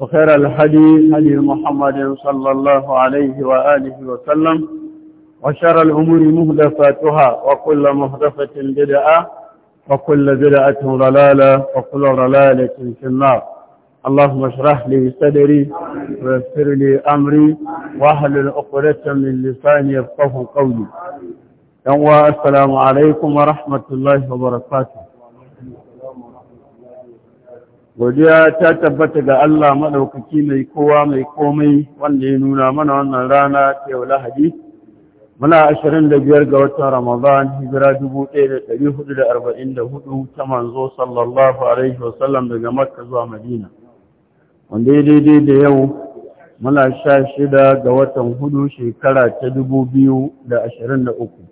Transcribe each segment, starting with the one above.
وخير الحديث حديث محمد صلى الله عليه وآله وسلم وشر الأمور مهدفاتها وكل مهدفة بدعة وكل بدعة ضلالة وكل ضلالة في النار اللهم اشرح لي صدري ويسر لي أمري واحلل عقدة من لساني يفقه قولي السلام عليكم ورحمة الله وبركاته godiya ta tabbata ga Allah maɗaukaki mai kowa mai komai wanda ya nuna mana wannan rana ta yau lahadi muna ashirin da biyar ga watan ramadan hijira dubu ɗaya da ɗari hudu da arba'in da hudu ta manzo sallallahu alaihi wasallam daga makka zuwa madina wanda ya daidai da yau muna sha shida ga watan hudu shekara ta dubu biyu da ashirin da uku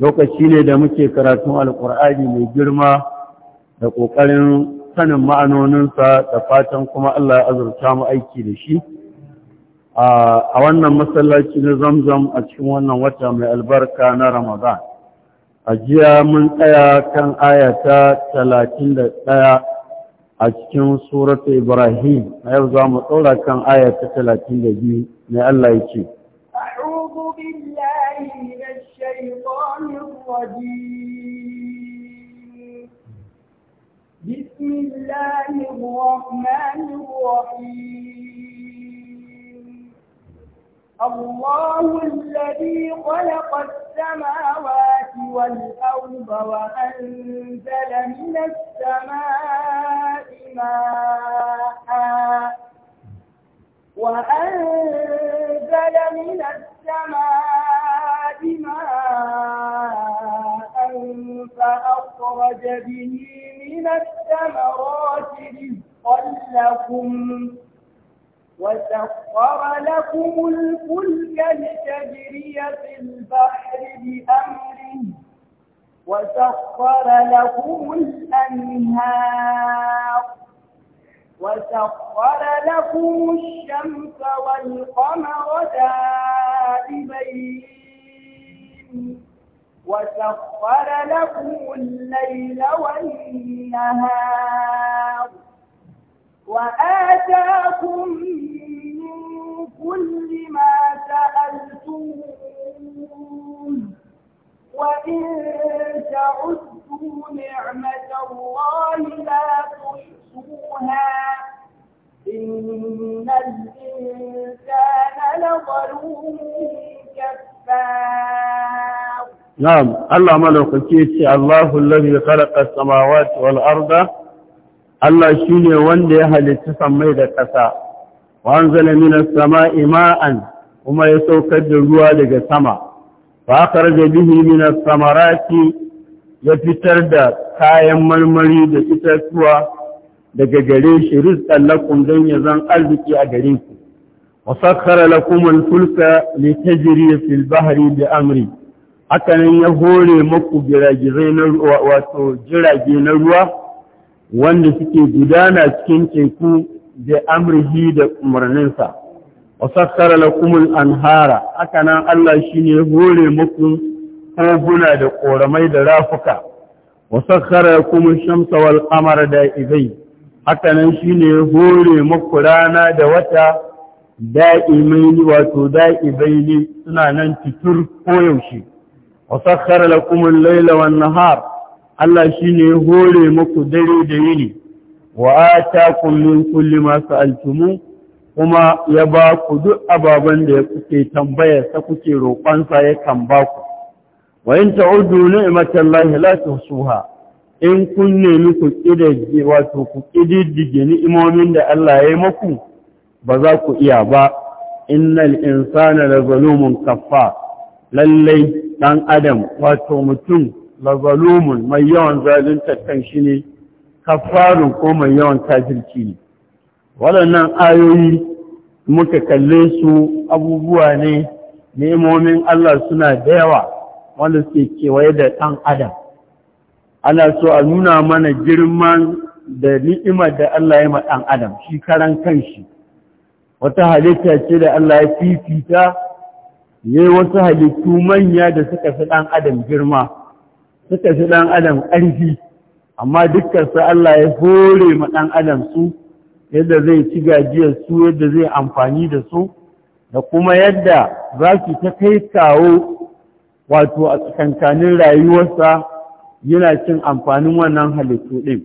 lokaci ne da muke karatun alƙur'ani mai girma da ƙoƙarin sanin ma'anoninsa da fatan kuma Allah ya azurta mu aiki da shi a wannan masallaci na zamzam a cikin wannan wata mai albarka na ramadan a jiya mun tsaya kan ayata talatin da ɗaya a cikin suratu ibrahim a yau za mu tsora kan ayata talatin da biyu mai Allah ya ce بسم الله الرحمن الرحيم الله الذي خلق السماوات والأرض وأنزل من السماء ماءً وأنزل من السماء ماء فأخرج به من الثمرات رزقا لكم وسخر لكم الفلك لتجري في البحر بأمره وسخر لكم الأنهار وسخر لكم الشمس والقمر دائبين وسخر لكم الليل والنهار وآتاكم من كل na'am Allah malaukake ce Allahu allazi khalaqa samawati wal arda Allah shine wanda ya halitta samai da ƙasa wa anzala minas sama'i ma'an kuma ya saukar da ruwa daga sama fa akhraja bihi minas samarati ya fitar da kayan marmari da itatuwa daga gare shi rizqan lakum dan yazan arziki a gare ku wa sakhkhara lakum al-fulka litajri fil bahri da amri haka nan ya hore maku giragizai na ruwa wato jirage na ruwa wanda suke gudana cikin teku da amrihi da umarninsa wa sakkara lakumul anhara haka nan Allah shine hore maku koguna da koramai da rafuka wa sakkara lakumul shamsa wal qamara da izai. haka nan shine hore maku rana da wata da'imaini wato ne suna nan titur koyaushe wasakhara lakum al-laila wan-nahar Allah shine ya hore muku dare da yini wa ataakum min kulli ma sa'altumu kuma ya ba ku duk ababen da ya kuke tambaya sa kuke roƙon sa ya kan ba ku wa in ta'udu ni'matallahi la tuhsuha in kun nemi ku kididdige wato ku kididdige ni'imomin da Allah ya yi muku ba za ku iya ba innal insana la zalumun kaffar lallai ɗan adam wato mutum lazalumun mai yawan zalunta kan shi ne kafarin ko mai yawan kafirci ne waɗannan ayoyi muka kalle su abubuwa ne nemomin Allah suna da yawa wanda suke kewaye da ɗan adam ana so a nuna mana girman da ni'imar da Allah ya ma ɗan adam shi karan kanshi wata halitta ce da Allah ya fifita yayi wasu halittu manya da suka fi ɗan adam girma suka fi ɗan adam ƙarfi amma dukkansu Allah ya hore ma ɗan adam su yadda zai ci gajiyar su yadda zai amfani da su da kuma yadda za su ta kai kawo wato a tsakankanin rayuwarsa yana cin amfanin wannan halittu ɗin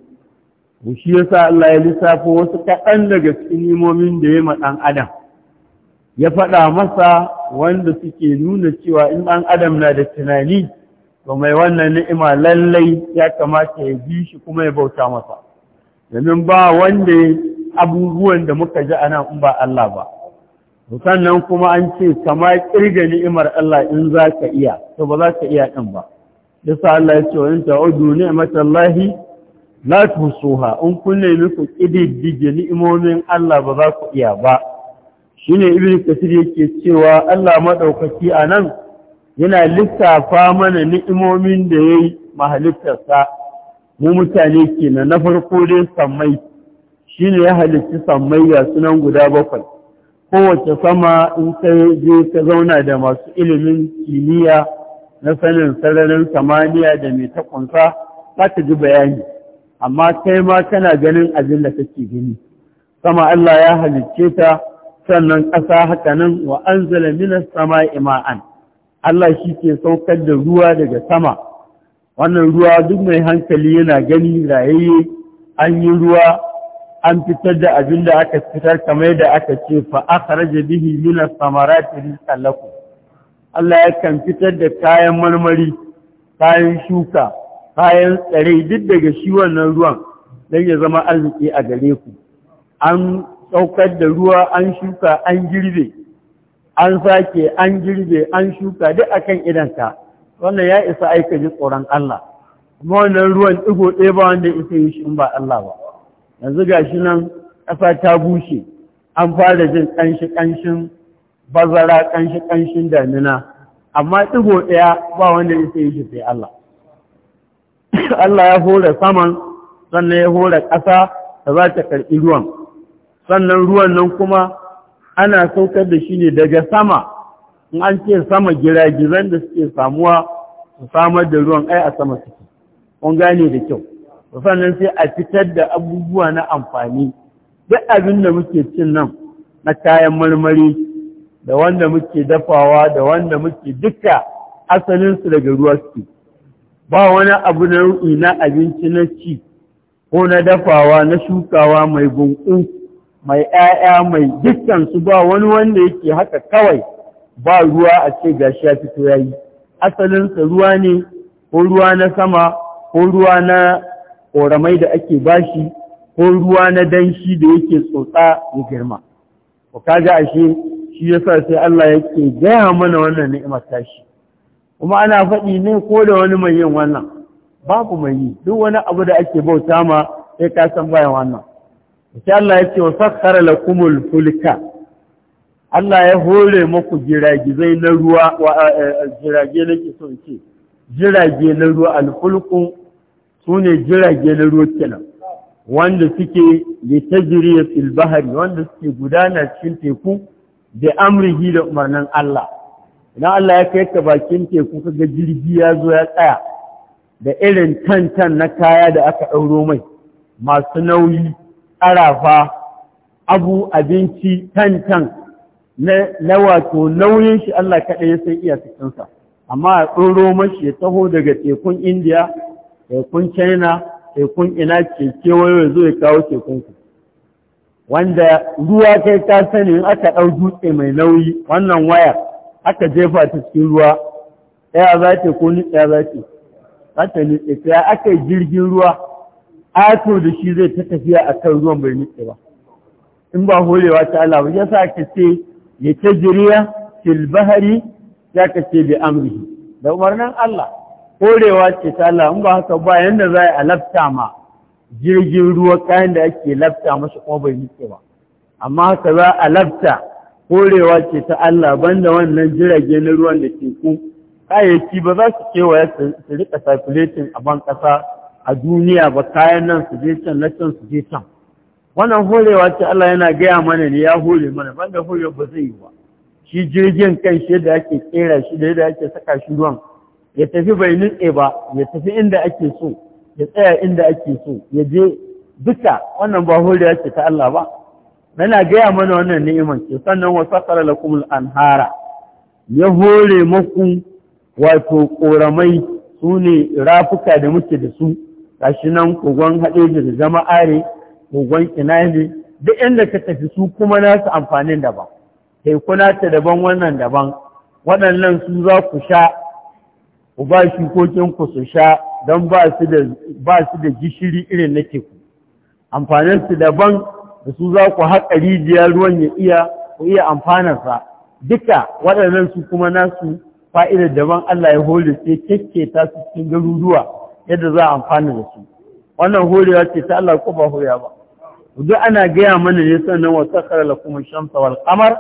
shi yasa Allah ya lissafa wasu kaɗan daga cikin nimomin da ya ma ɗan adam ya faɗa masa wanda suke nuna cewa in an adam na da tunani to mai wannan ni'ima lallai ya kamata ya bi shi kuma ya bauta masa domin ba wanda abubuwan da muka ji anan in ba Allah ba sannan kuma an ce kama kirga ni'imar Allah in za ka iya to ba za ka iya din ba yasa Allah ya ce in ta'udu ni'matallahi la tusuha in kun nemi ku kididdige ni'imomin Allah ba za ku iya ba shine ibn kasir yake cewa Allah madaukaki anan yana lissafa mana ni'imomin da yayi mahalittarsa mu mutane kenan na farko dai sammai shine ya halitta sammai ga sunan guda bakwai kowace sama in sai je ta zauna da masu ilimin kimiyya na sanin sararin samaniya da mai takunsa za ta ji bayani amma kai ma kana ganin abin da kake gini. sama Allah ya halicce ta sannan ƙasa haka nan wa an zala minas sama ima'an Allah shi ke saukar da ruwa daga sama wannan ruwa duk mai hankali yana gani rayayye an yi ruwa an fitar da abin da aka fitar kamar da aka ce fa raje bihi minas samarati rizqan lakum Allah ya kan fitar da kayan marmari kayan shuka kayan tsare duk daga shi wannan ruwan don ya zama arziki a gare ku an ɗaukar da ruwa an shuka an girbe an sake an girbe an shuka duk akan idanta wannan ya isa aika ji tsoron Allah kuma wannan ruwan ɗigo ɗaya ba wanda isa yi shi in ba Allah ba yanzu ga shi nan ƙasa ta bushe an fara jin ƙanshi ƙanshin bazara ƙanshi ƙanshin damina amma ɗigo ɗaya ba wanda isa yi shi sai Allah Allah ya hore saman sannan ya hore ƙasa da za ta karɓi ruwan sannan ruwan nan kuma ana saukar da shi ne daga sama in an ce sama giragiran da suke samuwa su samar da ruwan ai a sama suke kun gane da kyau sannan sai a fitar da abubuwa na amfani duk abin da muke cin nan na kayan marmari da wanda muke dafawa da wanda muke duka asalinsu daga ruwa suke ba wani abu na ru'i na abinci na ci ko na dafawa na shukawa mai bunƙu mai ‘ya'ya mai dukkan su ba wani wanda yake haka kawai ba ruwa a ce gashi ya fito ya yi asalinsa ruwa ne ko ruwa na sama ko ruwa na ƙoramai da ake bashi ko ruwa na danshi da yake tsotsa ya girma ko kaga ashe shi yasa sai Allah yake gaya mana wannan ni'imar tashi kuma ana faɗi ne ko da wani mai yin wannan babu mai yi duk wani abu da ake bauta ma sai ka san bayan wannan sai Allah ya ce wa la kumul fulka Allah ya hore muku jiragizai na ruwa wa eh, eh, jirage nake so ce jirage na ruwa alfulku sune jirage na ruwa kenan wanda suke litajriya fil wanda suke gudana cikin teku da amrihi da umarnin Allah idan Allah ya kai ka bakin teku kaga jirgi ya zo ya tsaya da irin tantan na kaya da aka ɗauro mai masu nauyi ƙarafa abu abinci tantan na wato nauyin shi Allah kaɗai ya san iyakacinsa amma a tsoro mashi ya taho daga tekun india tekun china tekun ina ce kewayo zo ya kawo tekun ku wanda ruwa kai ka sani in aka ɗau dutse mai nauyi wannan waya aka jefa ta cikin ruwa ɗaya za ta ko ni ɗaya za ta za ta aka jirgin ruwa ato da shi zai ta tafiya a kan ruwan bai nutse ba in ba horewa ta Allah ba yasa aka ce ya ta jiriya fil bahari ya ka ce bi amri da umarnin Allah horewa ce ta Allah in ba haka ba yanda za a ma jirgin ruwa kayan da ake lafta masa kuma bai nutse ba amma haka za a lafta horewa ce ta Allah banda wannan jirage na ruwan da teku kayayyaki ba za su kewaya su rika circulating a ban ƙasa a duniya ba kayan nan su je can na can su je can wannan horewa ce Allah yana gaya mana ne ya hore mana banda horewa ba zai yi ba shi jirgin kan shi da ake kera shi da yadda ake saka shi ruwan ya tafi bai nutse ba ya tafi inda ake so ya tsaya inda ake so ya je duka wannan ba horewa ce ta Allah ba yana gaya mana wannan ni'iman ce sannan wa sakara lakum al-anhara ya hore maku wato koramai su ne rafuka da muke da su gashi nan kogon haɗeji da zama are kogon inani duk inda ka tafi su kuma nasu amfanin daban kuna ta daban wannan daban waɗannan su za ku sha ku ba shukokin ku su sha don ba su da gishiri irin na teku amfanin su daban da su za ku haƙa rijiyar ruwan ya iya ku iya amfanansa duka waɗannan su kuma nasu fa'idar daban Allah ya hori sai kyakketa su cikin garuruwa yadda za a amfani da su wannan horewa ce ta Allah ko ba horewa ba duk ana gaya mana ne sannan wa sakara lakum ash-shamsa wal qamar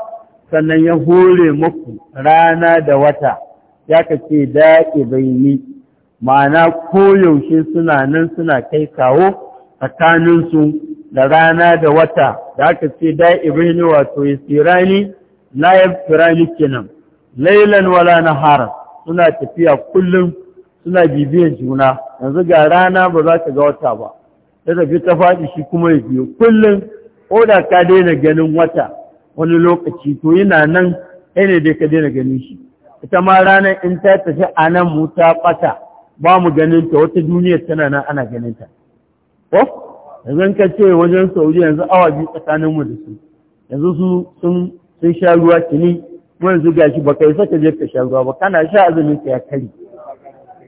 sannan ya hore muku rana da wata ya kace daƙe bayni ma'ana koyaushe suna nan suna kai kawo tsakaninsu da rana da wata da aka ce daƙe bayni wato yasirani la yabtirani kenan lailan wala nahara suna tafiya kullum suna bibiyan juna yanzu ga rana ba za ka ga wata ba ya tafi ta faɗi shi kuma ya biyo kullum ko da ka daina ganin wata wani lokaci to yana nan ne dai ka daina ganin shi ita ma ranar in ta tafi a nan mu ta ɓata ba mu ganin ta wata duniyar tana nan ana ganin ta ko yanzu ka ce wajen sauri yanzu awa biyu tsakanin mu da su yanzu su sun sun sha ruwa tuni mu yanzu shi ba kai saka je ka sha ruwa ba kana sha azumin ka ya kari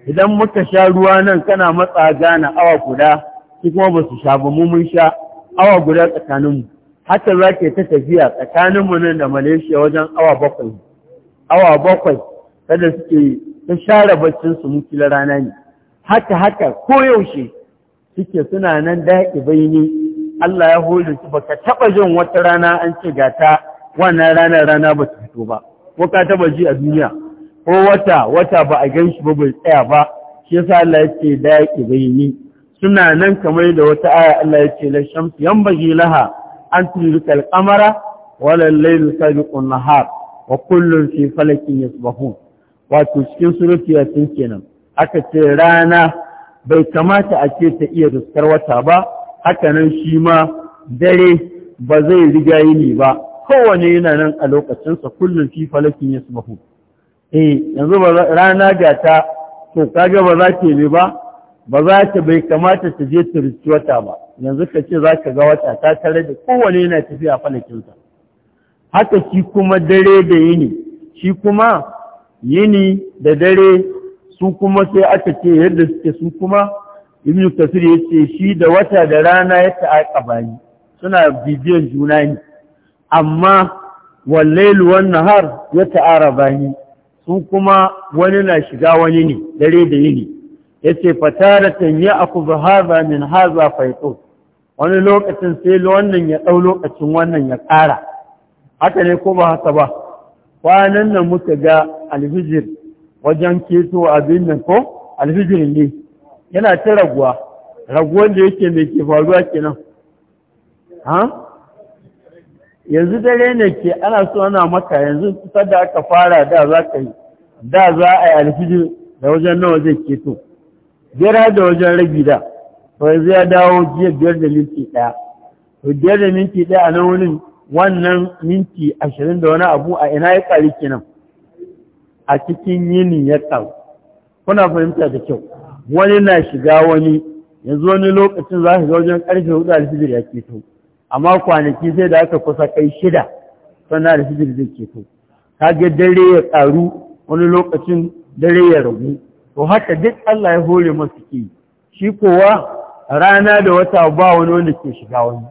idan muka sha ruwa nan kana matsa gana awa guda shi kuma ba su sha ba mu mun sha awa guda tsakaninmu haka za ke ta tafiya tsakaninmu nan da malaysia wajen awa bakwai awa bakwai kada suke ta share baccinsu mu kila rana ne haka haka yaushe suke suna nan daƙi bai ne Allah ya hori su baka taɓa jin wata rana an ce ga ta wannan ranar rana ba ta fito ba ko ka taɓa ji a duniya ko wata wata ba a gan shi ba bai tsaya ba shi yasa Allah ya ce da yake bayani suna nan kamar da wata aya Allah ya ce la shamsu yanbaghi laha an tudrika al-qamara wala al sabiqu nahar wa kullun fi falakin yasbahun wato cikin surati yasin kenan aka ce rana bai kamata a ce ta iya riskar wata ba haka nan shi ma dare ba zai riga yini ba kowane yana nan a lokacinsa kullum fi falakin yasbahun eh yanzu rana ga ta to kaga ba za ke ne ba ba za ta bai kamata ta je ta riski wata ba yanzu ka ce za ka ga wata ta tare da kowane yana tafiya falakinsa haka shi kuma dare da yini shi kuma yini da dare su kuma sai aka ce yadda suke su kuma ibn kasir ya ce shi da wata da rana ya ta'aƙaba ni suna bibiyan juna ne amma wallailu wan nahar ya ta'ara bani. su kuma wani na shiga wani ne dare da yini yace fataratan ya akuzu Haza min Haza fayqut wani lokacin sai wannan ya ɗau lokacin wannan ya ƙara haka ne ko ba haka ba kwanan nan muka ga alfijir wajen keto abin nan ko alfijir ne yana ta raguwa raguwan da yake mai ke faruwa kenan ha yanzu dare ne ke ana so ana maka yanzu kusa da aka fara da za ka yi da za a yi alfijir da wajen nawa zai keto biyar har da wajen rabi da to yanzu ya dawo jiya biyar da minti ɗaya to biyar da minti ɗaya a nan wurin wannan minti ashirin da wani abu a ina ya ƙari kenan a cikin yini ya ƙaru kuna fahimta da kyau wani na shiga wani yanzu wani lokacin za shiga wajen ƙarfe hudu alfijir ya keto amma kwanaki sai da aka kusa kai shida sannan alfijir zai keto ka ga dare ya ƙaru wani lokacin dare ya ragu to haka duk Allah ya hore masu ke shi kowa rana da wata ba wani wanda ke shiga wani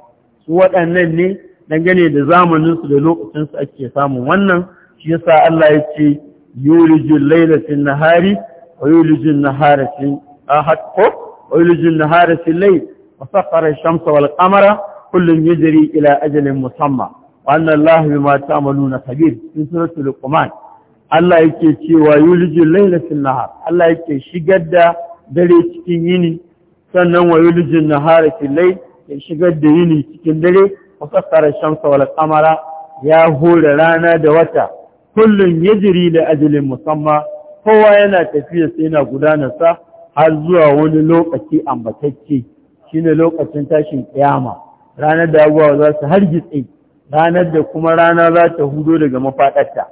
su waɗannan ne dangane da zamaninsu da lokacinsu ake samun wannan shi yasa Allah ya ce yulijin lailatin nahari wa yulijin naharatin ahatko wa yulijin naharatin lai wa sakharar shamsa wal qamara kullun yajri ila ajalin musamma wa anna Allah bima ta'maluna kabir in suratul luqman Allah yake cewa yulijin lailatin nahar Allah yake shigar da dare cikin yini sannan wa yuliju nahara fil layl ya shigar da yini cikin dare wa kasara shamsa wal qamara ya hore rana da wata kullun yajri li ajalin musamma kowa yana tafiya sai yana gudanar sa har zuwa wani lokaci ambatacce shine lokacin tashin kiyama ranar da abubuwa za su hargitse ranar da kuma rana za ta hudo daga mafadarta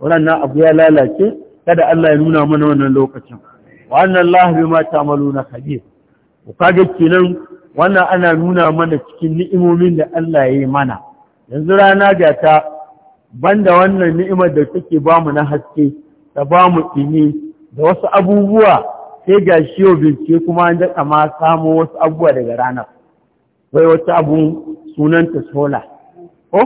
wannan abu ya lalace kada Allah ya nuna mana wannan lokacin wannan Allah mata na khabir ku kage kinan wannan ana nuna mana cikin ni'imomin da Allah ya yi mana yanzu rana ga ta banda wannan ni'imar da take ba mu na haske ta ba mu tsini da wasu abubuwa sai ga shi yau bincike kuma an daɗa ma samo wasu abubuwa daga ranar wai wata abu sunanta sola ko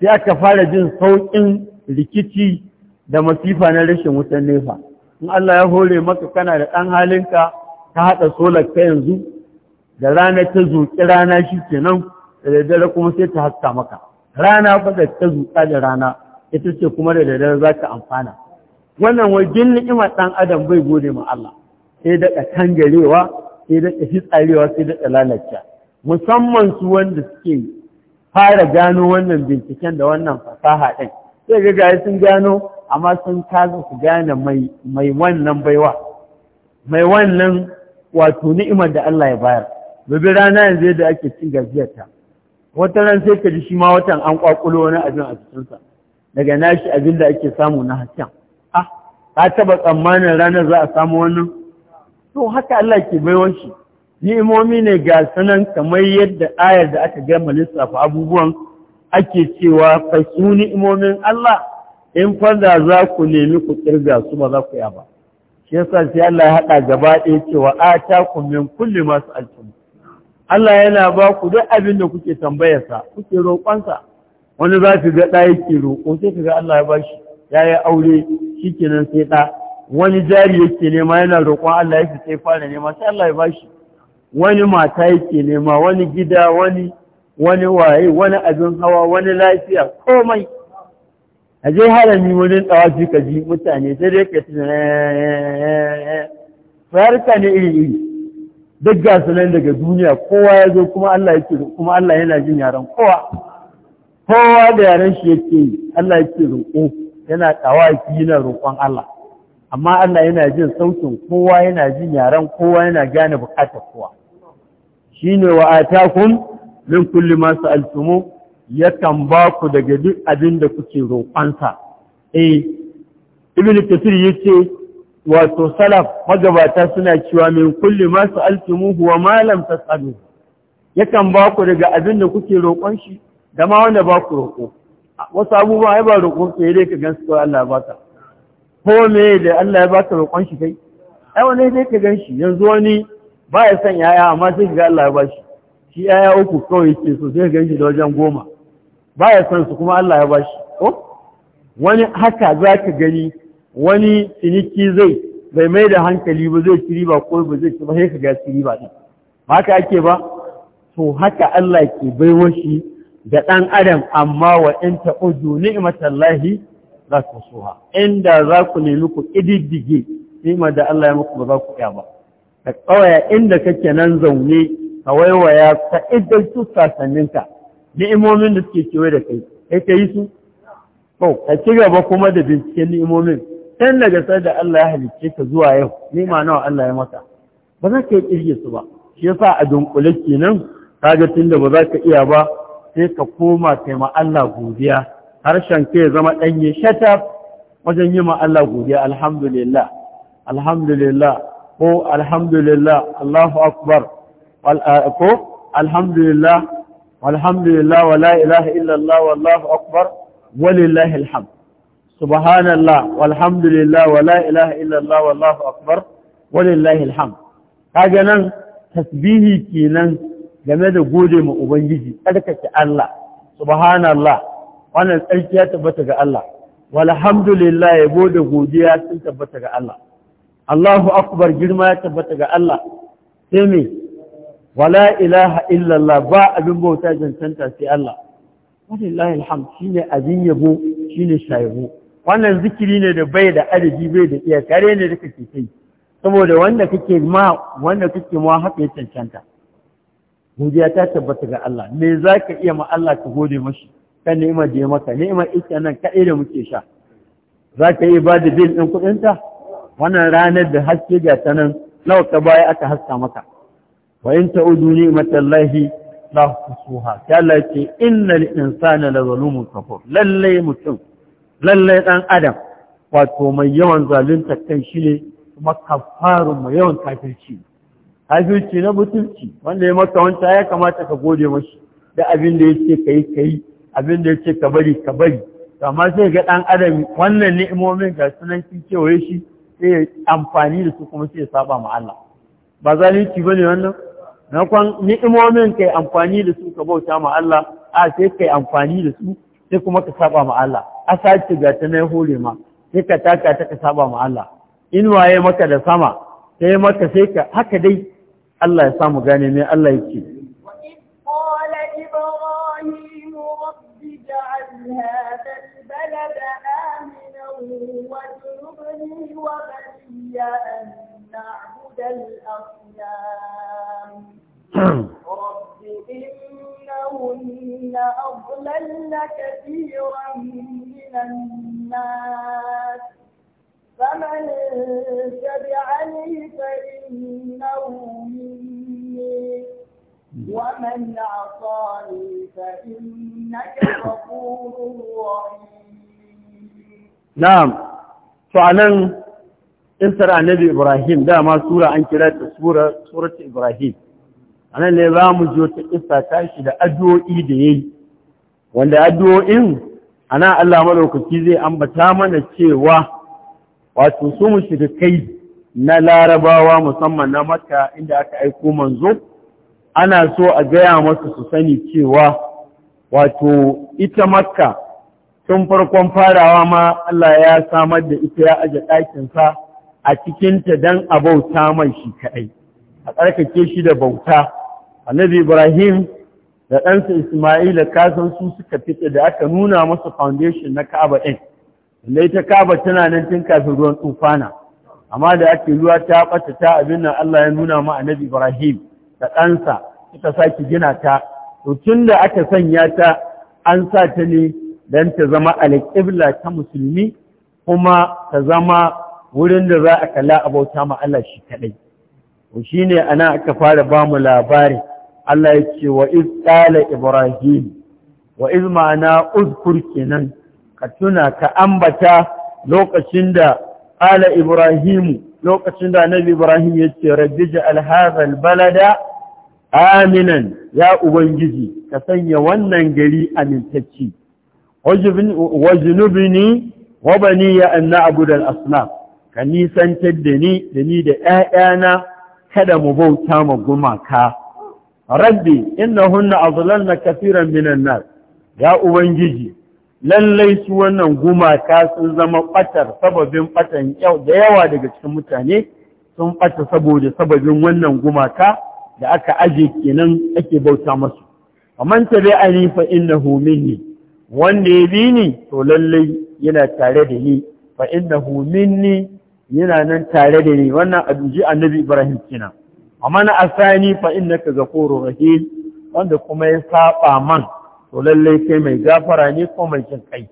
sai aka fara jin sauƙin rikici da masifa na rashin wutan nefa in Allah ya hore maka kana da ɗan halinka ka haɗa solar ka yanzu da rana ta zuƙi rana shi nan, da daddare kuma sai ta haska maka rana ba da ta zuƙa da rana ita ce kuma da daddare za ka amfana wannan wajen ni'imar ɗan adam bai gode ma Allah sai daga tangarewa sai daɗa fitsarewa sai daga lalacewa musamman su wanda suke fara gano wannan binciken da wannan fasaha ɗin sai ga gaya sun gano amma sun kasa su gane mai wannan baiwa mai wannan wato ni'imar da Allah ya bayar bibi rana yanzu da ake cin gajiyarta wata ran sai ka ji shi ma watan an kwakulo wani abin a cikinsa daga nashi abin da ake samu na hasken ah ka taba tsammanin ranar za a samu wannan to haka Allah ke baiwar shi ni'imomi ne ga sanan kamar yadda ayar da aka gama lissafa abubuwan ake cewa fasu ni'imomin Allah in fanda za ku nemi ku kirga su ba za ku ya ba shi yasa sai Allah ya haɗa gaba ɗaya cewa ta min kulli ma sa'altum Allah yana ba ku duk abin da kuke tambayarsa kuke roƙonsa wani za ki ga ɗaya yake roƙo sai ka ga Allah ya bashi ya yi aure shi kenan sai ɗa wani jari yake nema yana roƙon Allah ya fi sai fara nema sai Allah ya bashi wani mata yake nema wani gida wani wani waye wani abin hawa wani lafiya komai a je harami wurin tsawafi ka ji mutane sai dai ka tuna eh, ne iri iri duk ga sunan daga duniya kowa ya zo kuma Allah yake kuma Allah yana jin yaran kowa kowa da yaran shi yake yi Allah yake roƙo yana tsawafi yana roƙon Allah amma Allah yana jin sautin kowa yana jin yaren kowa yana gane bukatar kowa shine wa atakum min kulli ma sa'altumu yakan ba ku daga duk abin da kuke roƙonsa eh ibn kasir yace wato salaf magabata suna cewa min kulli ma sa'altumu huwa ma lam tasalu yakan ba ku daga abin da kuke roƙon shi da ma wanda ba ku roƙo wasu abubuwa ai ba roƙo sai dai ka su kawai Allah ba ta. ko me da Allah ya ba ta roƙon shi kai ai wani dai ka gan shi yanzu wani ba ya son yaya amma sai ka ga Allah ya ba shi shi yaya uku kawai yake so sai ganshi da wajen goma Ba ya san su kuma Allah ya ba shi wani haka za ka gani wani ciniki zai bai mai da hankali ba zai ci riba ko ba zai ci ba sai ka ga ci riba din haka ake ba to haka Allah ke bai shi da ɗan adam amma wa in ta'udu ni'matallahi za ku suha inda za ku nemi ku ƙididdige nima da Allah ya muku ba za ku iya ba ka tsawaya inda kake nan zaune ka waiwaya ka idan su sasanninka ni'imomin da suke kewaye da kai kai ka yi su to ka ci gaba kuma da binciken ni'imomin tun daga sai da Allah ya halicce ka zuwa yau ni ma nawa Allah ya maka ba za ka yi kirge su ba shi yasa a dunkule kenan kaga tunda ba za ka iya ba sai ka koma kai ma Allah godiya harshen kai ya zama danye shata wajen yi ma Allah godiya alhamdulillah alhamdulillah ko alhamdulillah Allahu akbar Uh, ko alhamdulillah walhamdulillah wala ilaha illallah wallahu akbar walillahi alhamd subhanallah walhamdulillah wala ilaha illallah wallahu akbar walillahi alhamd kaga nan tasbihi kenan game da gode ma ubangiji tsarkake Allah subhanallah wannan tsarki ya tabbata ga Allah walhamdulillah ya gode godiya sun tabbata ga Allah Allahu akbar girma ya tabbata ga Allah sai wala ilaha illallah ba abin bauta cancanta sai Allah wallahi alhamd shine abin yabo shine shayabo wannan zikiri ne da bai da adadi bai da iya kare ne da kake kai saboda wanda kake ma wanda kake ma haka ya cancanta godiya ta tabbata ga Allah me zaka iya ma Allah ka gode mashi kan ni'imar da ya maka ni'imar iska nan kaɗai da muke sha zaka ka yi ba da din kudin ta wannan ranar da haske ga ta nan nawa ka baya aka haska maka wa in ta'udu matallahi la tusuha Allah ce innal insana la zalumun kafur lalle mutum lalle dan adam wato mai yawan zalunta kan shi ne kuma kafarun mai yawan kafirci kafirci na mutunci wanda ya maka wanta ya kamata ka gode mashi da abin da yake kai kai abin da yake ka bari ka bari amma sai ga dan adam wannan ni'imomin ga sunan kin kewaye shi sai amfani da su kuma sai ya saba ma Allah ba zalunci bane wannan na kwan ni'imomin yi amfani da su ka bauta ma Allah a sai yi amfani da su sai kuma ka saba ma Allah a sace ga ta nai hore ma sai ka taka ta ka saba ma Allah in waye maka da sama sai maka sai ka haka dai Allah ya samu gane ne Allah yake قال إبراهيم رب اجعل هذا البلد آمنا واجنبني وبني أن نعبد الأصنام رب إنهن أضللن كثيرا من الناس فمن تبعني فإنه مني ومن عصاني فإنك غفور رحيم نعم فعلا in tara annabi Ibrahim dama sura an kira ta sura surat Ibrahim a nan ne za mu ji wata ƙisa tashi da addu'o'i da ya yi wanda addu'o'in ana nan Allah maɗaukaki zai ambata mana cewa wato su mu shiga kai na larabawa musamman na maka inda aka aiko manzo ana so a gaya masu su sani cewa wato ita makka tun farkon farawa ma Allah ya samar da ita ya aje ɗakinsa a cikinta don a bauta mai shi kaɗai a tsarkake shi da bauta annabi ibrahim da ɗansa isma'ila kasan su suka fice da aka nuna masa foundation na ka'aba ɗin da ta ka'aba tana nan tun kafin ruwan tufana amma da ake ruwa ta ɓata ta abin nan allah ya nuna ma annabi ibrahim da ɗansa suka sake gina ta to tun da aka sanya ta an sa ta ne don ta zama alƙibla ta musulmi kuma ta zama wurin da za a kalla abauta ma Allah shi kaɗai. To shi ne ana aka fara ba mu labari Allah ya ce wa iz qala ibrahim wa iz ma'ana uzkur kenan ka tuna ka ambata lokacin da qala ibrahim lokacin da annabi ibrahim ya ce rabbi ja'al hadha balada aminan ya ubangiji ka sanya wannan gari amintacci wajnubni wa bani ya an na'budu al-asnam ka nisantar da ni da ni da ƴaƴana kada mu bauta ma gumaka rabbi innahunna azlalna kaseeran minan nas ya ubangiji lallai su wannan gumaka sun zama ɓatar sababin ɓatan yau da yawa daga cikin mutane sun ɓata saboda sababin wannan gumaka da aka aje kenan ake bauta masu amman tabi ani fa innahu minni wanda ya bi ni to lallai yana tare da ni fa innahu minni yana nan tare da ni wannan aduji annabi ibrahim kenan A mana a Sani fa ka ghafurur rahim wanda kuma ya saba man to lallai kai mai gafara ne ko mai jin kai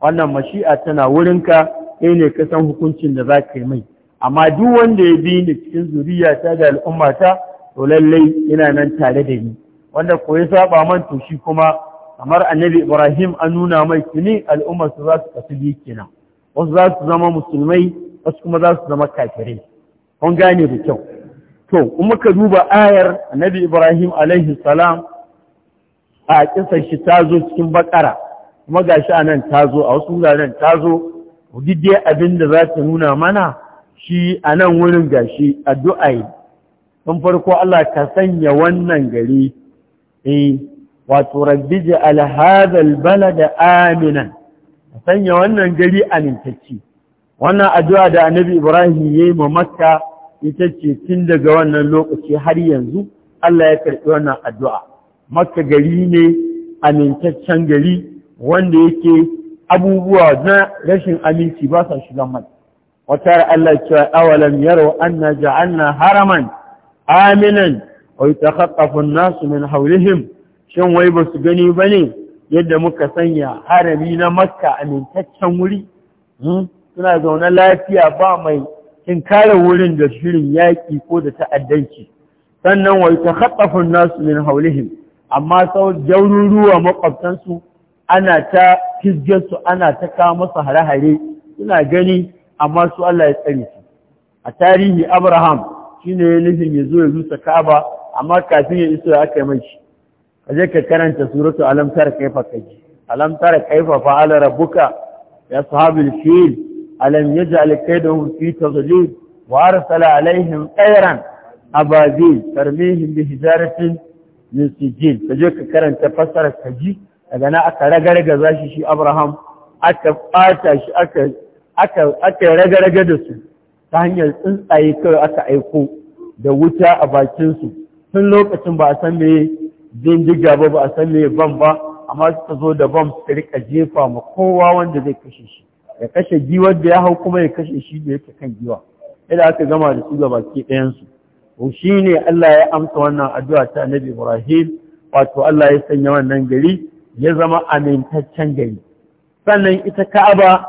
wannan mashi'a tana wurinka kai ne kasan hukuncin da za ka yi mai amma duk wanda ya bi ni cikin ta da al'ummata to lallai yana nan tare da ni wanda ko ya saba man to shi kuma kamar annabi Ibrahim an nuna mai tuni al'ummar su za su tafi bi kenan wasu za su zama musulmai wasu kuma za su zama kafirai kun gane da kyau to in muka duba ayar annabi ibrahim alaihi salam a kisan shi ta cikin bakara kuma gashi a nan ta a wasu wuraren tazo, zo abin da za ta nuna mana shi a nan wurin gashi addu'ai tun farko Allah ka sanya wannan gari eh wato rabbi alhazal Bala da aminan ka sanya wannan gari amintacci wannan addu'a da annabi ibrahim yayi ma makka ita ce tun daga wannan lokaci har yanzu Allah ya karɓi wannan addu'a makka gari ne amintaccen gari wanda yake abubuwa na rashin aminci ba sa shiga mai wata Allah cewa awalam yaro anna na haraman aminan wai takhaffafun nasu min haurihim shin wai ba su gani ba ne yadda muka sanya harami na makka amintaccen wuri hmm? suna zaune lafiya ba mai in kare wurin da shirin yaƙi ko da ta'addanci sannan wai ta haɗafin nasu min haulihim amma sau jaurin makwabtansu ana ta fisgensu ana ta kawo masu hare-hare suna gani amma su Allah ya tsare su a tarihi abraham shi ne nufin ya zo ya zuta kaba amma kafin ya iso ya aka yi mai shi ka je ka karanta suratu alam tara kaifa kaji alam tara kaifa fa'ala rabbuka ya alam yaj'al kaydahum fi tadlil wa arsala alaihim tayran ababil tarmihim bi hijaratin min sijil kaje ka karanta fassarar kaji daga na aka ragarga zashi shi Abraham aka fata shi aka aka aka ragarga da su ta hanyar tsuntsaye kawai aka aiko da wuta a bakin su tun lokacin ba a san me bindiga ba ba a san me ban ba amma suka zo da bam su rika jefa ma kowa wanda zai kashe shi ya kashe giwar da ya hau kuma ya kashe shi da yake kan giwa idan aka gama da su ga baki ɗayansu shi ne Allah ya amsa wannan addu'a ta Nabi Ibrahim wato Allah ya sanya wannan gari ya zama amintaccen gari sannan ita Ka'aba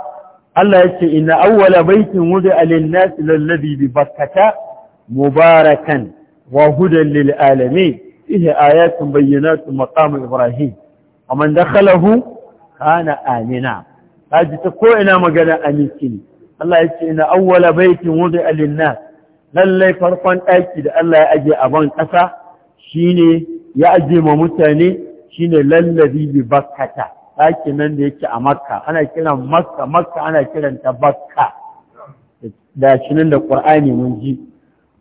Allah ya ce ina awwala baitin wudi alin-nas lallazi bi Bakkata mubarakan wa hudan lil alamin fihi ayatun bayyinatun maqam Ibrahim wa man dakhalahu kana amina haji ta ko'ina magana aminci ne Allah ya ce ina awwala baitin wudi alinna lallai farkon ɗaki da Allah ya aje a ban ƙasa ne, ya aje ma mutane shine lallabi bi bakkata ɗakin nan da yake a makka ana kiran makka makka ana kiranta bakka da shi nan da ƙur'ani mun ji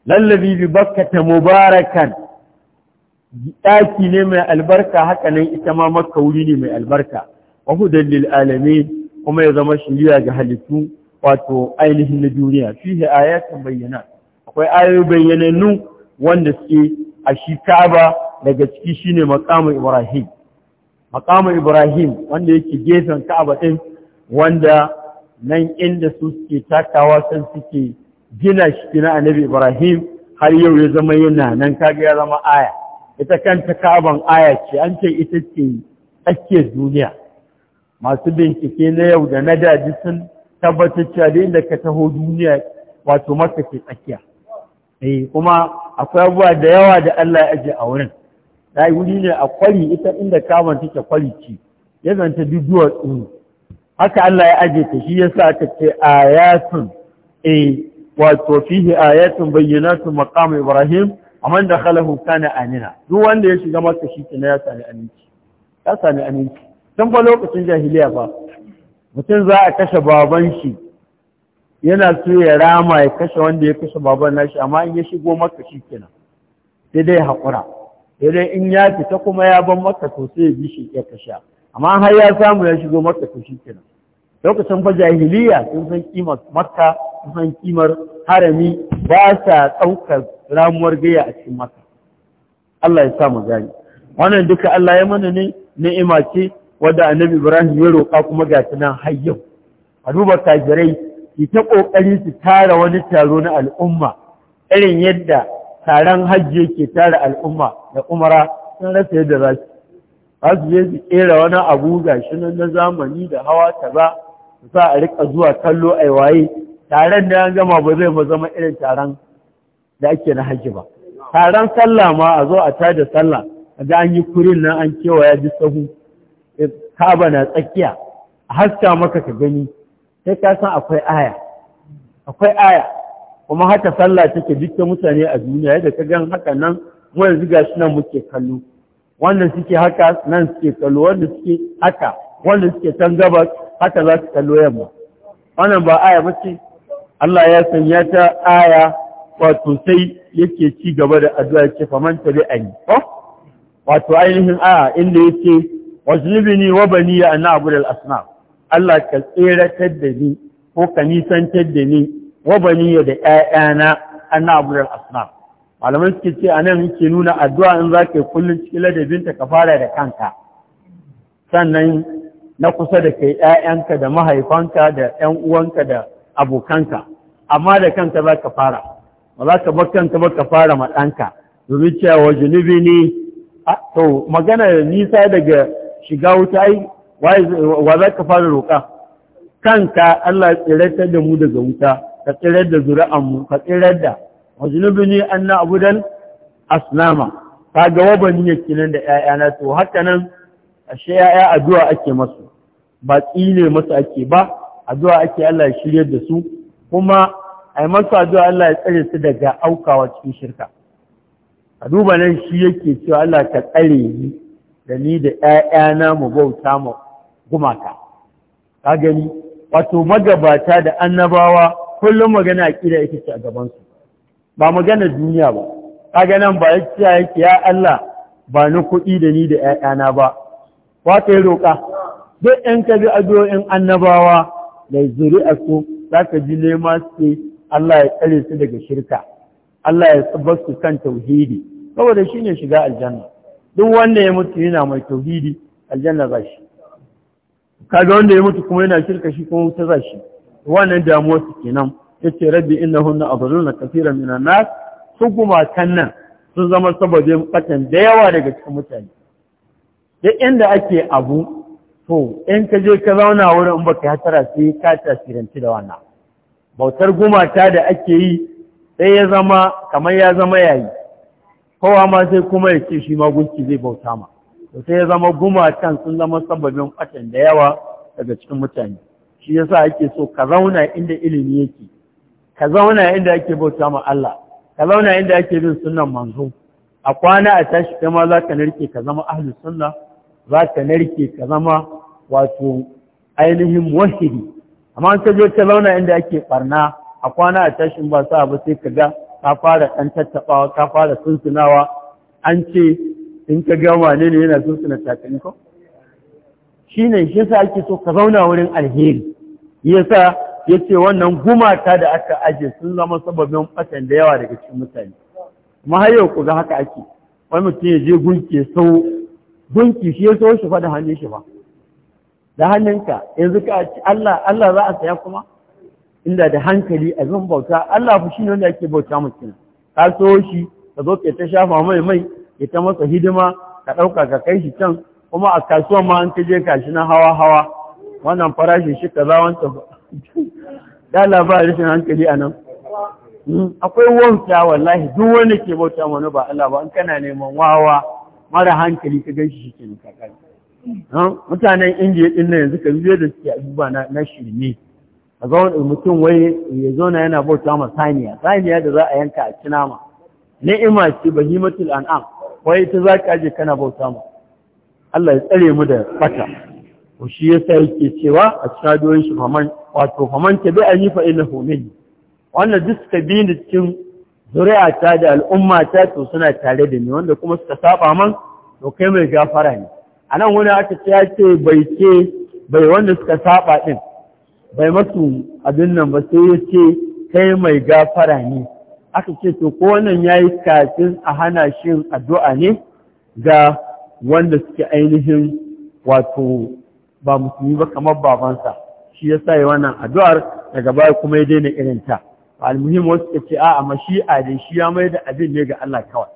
lallabi bi bakkata mubarakan ɗaki ne mai albarka haka nan ita ma makka wuri ne mai albarka wa hudan alamin kuma ya zama shiriya ga halittu wato ainihin na duniya a ayatun bayyana akwai ayoyi bayyanannu wanda suke a shi Ka'aba daga ciki shine makamun Ibrahim makamun Ibrahim wanda yake gefen Ka'aba ɗin wanda nan inda su suke takawa san suke gina shi gina annabi Ibrahim har yau ya zama yana nan kaga ya zama aya ita kanta Ka'aban aya ce an ce ita ce tsakiyar duniya masu bincike na yau da na daji sun tabbatar cewa da inda ka taho duniya wato maka ke tsakiya eh kuma akwai abubuwa da yawa da Allah ya aje a wurin dai wuri ne a kwari ita inda kaman take kwari ce ya zanta duduwar tsoro haka Allah ya aje ta shi yasa aka ce ayatun eh wato fihi ayatun bayyinatun maqam ibrahim amman khalahu kana amina duk wanda ya shiga maka shi ne ya sani aminci ya sami aminci can fa lokacin jahiliya ba, mutum za a kashe baban shi yana so ya rama ya kashe wanda ya kashe baban nashi amma in ya shigo maka shi kenan sai dai haƙura sai dai in ya fita kuma ya ban maka to sai ya bi shi ya kashe amma har ya samu ya shigo maka to shi kenan lokacin fa jahiliya sun san kimar makka sun san kimar harami ba sa ɗaukar ramuwar gaya a cikin maka. Allah ya sa mu gani wannan duka Allah ya mana ne ni'ima ce wadda annabi ibrahim ya roƙa kuma ga nan har yau a duba kajirai ki ta ƙoƙari su tara wani taro na al'umma irin yadda taron hajji yake tara al'umma da umara sun rasa yadda za su ba su je su ƙera wani abu ga shi nan na zamani da hawa ta za su sa a riƙa zuwa kallo a waye taron da an gama ba zai zama irin taron da ake na hajji ba taron sallah ma a zo a tada sallah a ga an yi kurin nan an kewaya duk sahu kaba na tsakiya a haska maka ka gani sai ka san akwai aya akwai aya kuma haka sallah take dukkan mutane a duniya yadda ka gan haka nan mu yanzu shi nan muke kallo wanda suke haka nan suke kallo wanda suke haka wanda suke can gabas haka za su kallo yamma wannan ba aya ba ce Allah ya sanya ta aya wato sai yake ci gaba da addu'a ce faman tabi'ani ko wato ainihin aya inda yake wasnibini wa bani ya ana da asnam Allah ka tseratar da ni ko ka nisantar da ni wa bani ya da 'ya'yana ana da asnam malaman suke ce anan yake nuna addu'a in zaka yi kullum cikin ladabinta ka fara da kanka sannan na kusa da kai 'ya'yanka da mahaifanka da 'yan uwanka da abokanka amma da kanka za ka fara ba za ka bar kanka ba fara ma ɗanka domin cewa junubi ne to magana nisa daga shiga wuta yi wa za ka fara roƙa kanka Allah tsiratar da mu daga wuta ka tsirar da zuri'anmu ka tsirar da wajinubi ne an na abudan asnama ka ga waban ne kinan da 'ya'yana to haka nan ashe 'ya'ya addu'a ake masu ba tsine masu ake ba addu'a ake Allah ya shirya da su kuma a yi masu addu'a Allah ya tsare su daga aukawa cikin shirka a duba nan shi yake cewa Allah ka tsare ni da ni da ‘ya'yana mu bauta mu gumaka ka gani wato magabata da annabawa kullum magana ƙira ita ce a gabansu ba magana duniya ba ka ganin ba ya ciya yake ya Allah ba ni kuɗi da ni da ‘ya'yana ba wata yi roƙa duk ‘yan ka bi addu'o'in annabawa da a su za ka ji nema su Allah ya tsare su daga shirka Allah ya bar kan tauhidi saboda shi ne shiga aljanna duk wanda ya mutu yana mai tauhidi aljanna za shi kaga wanda ya mutu kuma yana shirka shi kuma wuta za shi wannan damuwar su kenan yace rabbi innahunna adalluna kaseeran minan nas su kuma nan sun zama saboda batan da yawa daga cikin mutane duk inda ake abu to in ka je ka zauna wurin in baka hatara sai ka tasiranci da wannan bautar gumata da ake yi sai ya zama kamar ya zama yayi kowa ma sai kuma ya ce shi ma gunki zai bauta ma da sai ya zama gumakan sun zama sababin kwatan da yawa daga cikin mutane shi ya sa ake so ka zauna inda ilimi yake ka zauna inda ake bauta ma Allah ka zauna inda ake bin sunnan manzo a kwana a tashi kama ma za ka narke ka zama ahlus sunna za ka narke ka zama wato ainihin muwahhidi amma an ka je ka zauna inda ake barna a kwana a tashin ba sa ba sai ka ga ka fara ɗan tattaɓawa ka fara sunsunawa an ce in ka gama ne ne yana sunsuna takalmi shi ne shi sa ake so ka zauna wurin alheri yasa ya ce wannan gumata da aka aje sun zama sababin fatan da yawa daga cikin mutane kuma har yau ku ga haka ake wani mutum ya je gunki ya sau gunki shi ya sau shi fa da hannun shi ba da hannunka yanzu ka ci Allah za a saya kuma inda da hankali a zan bauta Allah fi shi ne wanda ake bauta mutum ka so shi ka zo ka ta shafa mai mai ya ta masa hidima ka ɗauka ka kai shi can kuma a kasuwan ma an kaje kashi na hawa hawa wannan farashin shi ka wanta wancan da labarin rashin hankali a nan hmm, akwai wauta wallahi duk wanda ke bauta wani ba Allah ba in kana neman wawa mara hankali ka gan shi shi ke hmm, mutanen indiya ɗin yanzu ka zuwa da suke abubuwa na shirme a zaun mutum wai ya zauna yana bauta ma saniya saniya da za a yanka a ci nama ni'ima ce himatul an'am wai ta za ka je kana bauta ma Allah ya tsare mu da fata ko shi yasa yake cewa a shadoyin shi faman wato faman ta bi ayi fa hu min wannan duk suka bi ni cikin ta da al'umma ta to suna tare da ni wanda kuma suka saba man to kai mai gafara ne anan wani aka ce ya ce bai ce bai wanda suka saba din bai masu abin nan ba sai ya ce kai mai gafara ne aka ce to ko wannan ya yi kafin a hana shi addu'a ne ga wanda suke ainihin wato ba musulmi ba kamar babansa shi ya sa yi wannan addu'ar daga baya kuma ya daina irin ta almuhim wasu suka ce a amma shi a da shi ya mai da abin ne ga Allah kawai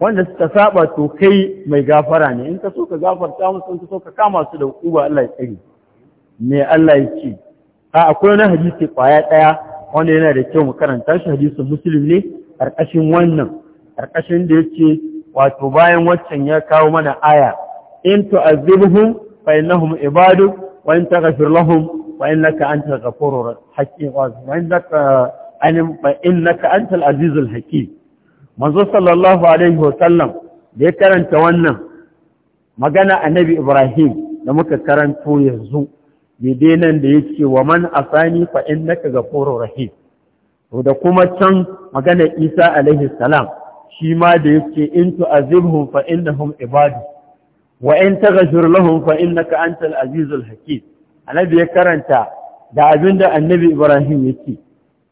wanda suka saba to kai mai gafara ne in ka so ka gafarta musu in ka so ka kama su da hukuma Allah ya tsare me Allah ya ce a akwai wani hadisi kwaya ɗaya wanda yana da kyau mu karanta shi hadisin muslim ne ƙarƙashin wannan ƙarƙashin da yace wato bayan waccan ya kawo mana aya in tu'azzibuhum fa innahum ibadu wa in taghfir lahum wa innaka antal ghafurur hakim wa innaka anim fa innaka antal azizul hakim manzo sallallahu alaihi wa sallam da ya karanta wannan magana annabi Ibrahim da muka karanto yanzu daidai nan da yake wa man asani fa innaka ghafurur rahim to da kuma can magana Isa alaihi salam shi ma da yake in azibhum fa innahum ibadu wa in taghfir lahum fa innaka antal azizul hakim annabi ya karanta da abinda annabi Ibrahim yake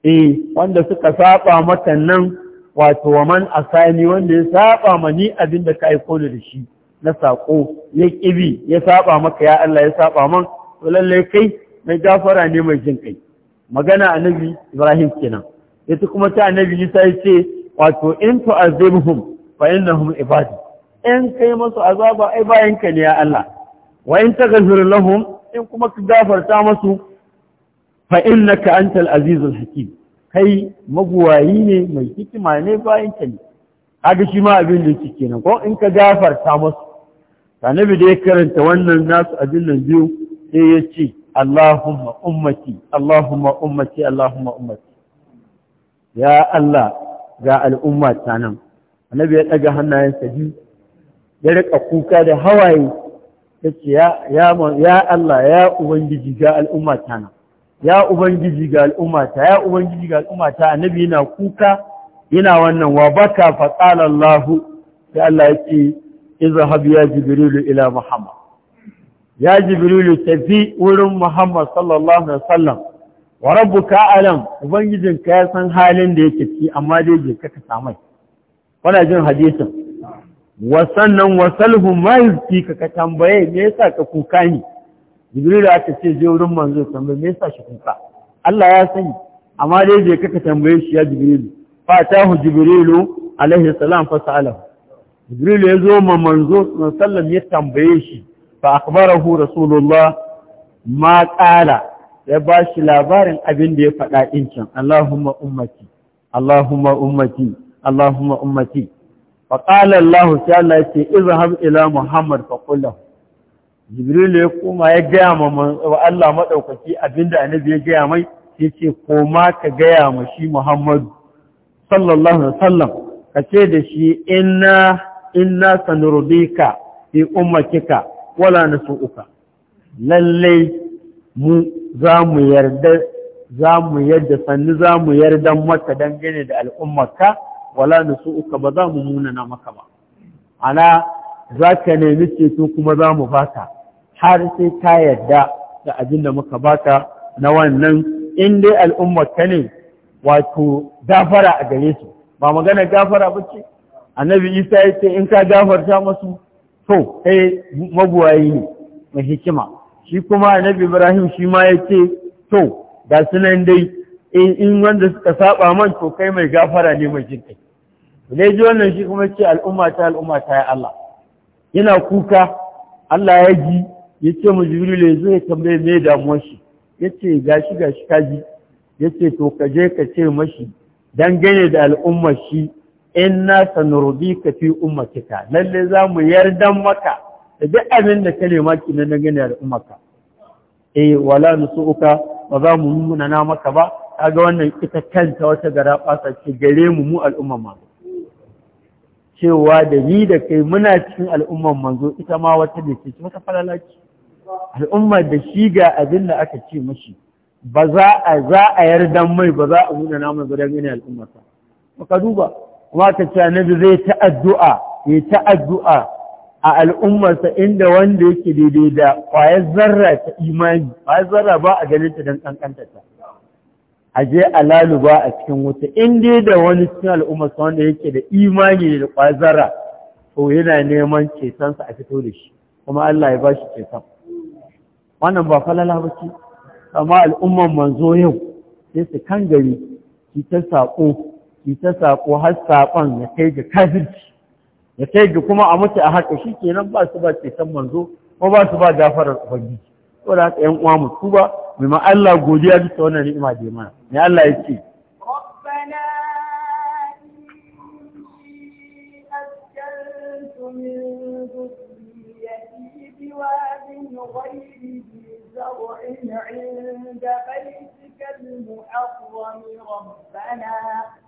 eh wanda suka saba maka nan wato wa man asani wanda ya saba mani abinda ka aiko da shi na sako ya kibi ya saba maka ya Allah ya saba man to lallai kai mai gafara ne mai jin kai magana annabi Ibrahim kenan yace kuma ta annabi Isa yace wato in azibhum fa innahum ibad in kai masu azaba ai bayan ka ne ya Allah wa in taghfir lahum in kuma ka gafarta masu fa innaka antal azizul hakim kai maguwayi ne mai hikima ne bayan ka ne kaga shi ma abin da yake kenan ko in ka gafarta masu annabi da ya karanta wannan nasu abin nan biyu sai ya ce Allahumma ummati Allahumma ummati Allahumma ummati ya Allah ga al'umma ta nan annabi ya daga hannayensa biyu ya rika kuka da hawaye ya ce ya Allah ya ubangiji ga al'umma ta nan ya ubangiji ga al'umma ta ya ubangiji ga al'umma ta annabi yana kuka yana wannan wa baka fa qala Allah Ya Allah ya ce izhab ya jibril ila muhammad ya jibrilu tafi wurin muhammad sallallahu alaihi wasallam wa rabbuka alam ka ya san halin da yake ciki amma dai je ka ka samai wannan jin hadisin wa sannan wa salhu ma yuki ka tambaye me yasa ka kuka ni jibrilu aka ce je wurin manzo tambaye me yasa shi kuka Allah ya sani amma dai je ka ka tambaye shi ya jibrilu fa tahu jibrilu alaihi salam fa sa'alahu jibrilu ya zo ma manzo sallallahu alaihi wasallam ya tambaye shi fa akhbarahu rasulullah ma qala ya ba shi labarin abin da ya faɗa din can Allahumma ummati Allahumma ummati Allahumma ummati fa qala Allah sai Allah ya ce izhab ila Muhammad fa qul lahu Jibril ya koma ya gaya wa Allah maɗaukaki abinda annabi ya gaya mai sai ce koma ka gaya ma shi Muhammadu sallallahu alaihi sallam. ka ce da shi inna inna sanurdika fi ummatika wala na su uka lallai mu za mu yarda za mu yarda sannu za mu yarda maka dangane da al'ummarka wala na su uka ba za mu munana maka ba ana za ka nemi ceto kuma za mu baka har sai ka yarda da abin da muka baka na wannan in dai al'ummarka ne wato gafara a gare su ba magana gafara ba ce annabi isa ya ce in ka gafarta masu to kai eh, mabuwayi ne mai hikima shi kuma annabi ibrahim shi ma ya ce to ga sunan dai in wanda suka saba man to kai mai gafara ne mai jinkai da ji wannan shi kuma ce al'umma ta al'umma ta ya Allah yana kuka Allah ya ji ya ce mu jibril ya zo ya tambaye me damuwa shi ya ce gashi gashi ka ji ya ce to ka je ka ce mashi dangane da al'ummar shi inna sanurdika fi ummatika lalle za mu yardan maka da duk abin da kare maki na gani da ummaka eh wala nusuka ba za mu munana maka ba kaga wannan ita kanta wata gara fasa ce gare mu mu al'umma ma cewa da ni da kai muna cikin al'umman manzo ita ma wata da ce wata falalaci al'umma da shi ga abin da aka ce mashi ba za a za a yardan mai ba za a munana mai gudan gane al'ummarsa ka duba kuma ka ce annabi zai ta addu'a ya ta addu'a a al'ummarsa inda wanda yake daidai da ƙwayar zarra ta imani ƙwayar zarra ba a ganin ta don ta a je a ba a cikin wuta in dai da wani cikin al'ummarsa wanda yake da imani da ƙwayar zarra to yana neman cetonsa a fito da shi kuma Allah ya ba shi ceton wannan ba falala ba ce amma al'ummar manzo yau sai su kan gari su ta saƙo ita saƙo har saƙon ya kai ga kafirci ya kai ga kuma a mutu a haka shi kenan ba su ba san manzo ko ba su ba gafarar ubangiji Ko da haka ƴan uwa mu tuba mai ma Allah godiya bisa wannan ni'ima da mana mai Allah ya ce عند بيتك المحرم ربنا